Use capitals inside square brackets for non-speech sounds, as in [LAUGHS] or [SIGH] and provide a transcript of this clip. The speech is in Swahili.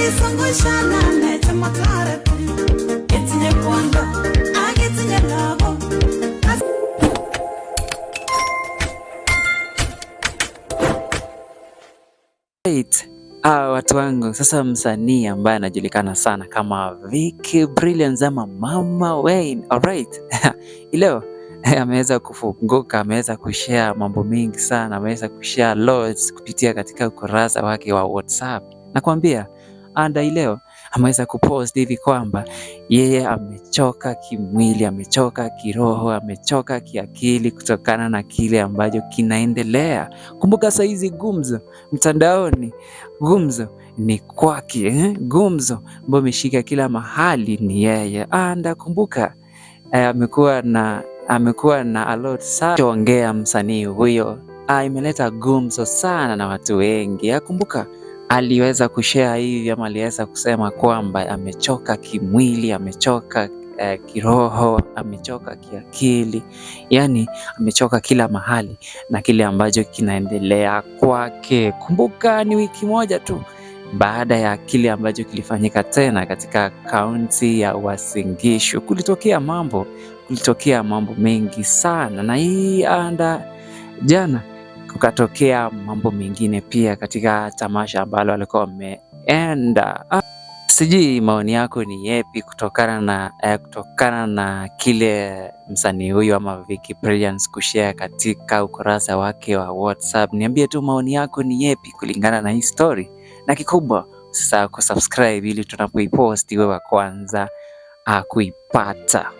Ah, ah, watu wangu, sasa msanii ambaye anajulikana sana kama Vicky Brilliance ama Mama Wayne. right. [LAUGHS] Leo eh, ameweza kufunguka, ameweza kushare mambo mengi sana, ameweza kushare loads kupitia katika ukurasa wake wa WhatsApp. Nakwambia anda ileo ameweza kupost hivi kwamba yeye amechoka kimwili, amechoka kiroho, amechoka kiakili kutokana na kile ambacho kinaendelea. Kumbuka saa hizi gumzo mtandaoni, gumzo ni kwake eh? Gumzo ambayo ameshika kila mahali ni yeye. Anda kumbuka eh, amekuwa na amekuwa na alot sana chongea msanii huyo, ah, imeleta gumzo sana na watu wengi. Akumbuka ah, aliweza kushare hivi ama aliweza kusema kwamba amechoka kimwili, amechoka eh, kiroho, amechoka kiakili, yani amechoka kila mahali na kile ambacho kinaendelea kwake. Kumbuka ni wiki moja tu baada ya kile ambacho kilifanyika tena katika kaunti ya Uasin Gishu, kulitokea mambo kulitokea mambo mengi sana, na hii anda jana kukatokea mambo mengine pia katika tamasha ambalo walikuwa wameenda. Ah, sijui maoni yako ni yepi kutokana na eh, kutokana na kile msanii huyu ama Vicky Brilliance kushare katika ukurasa wake wa WhatsApp. Niambie tu maoni yako ni yepi kulingana na hii story, na kikubwa usisahau kusubscribe ili tunapoipost wewe wa kwanza ah, kuipata.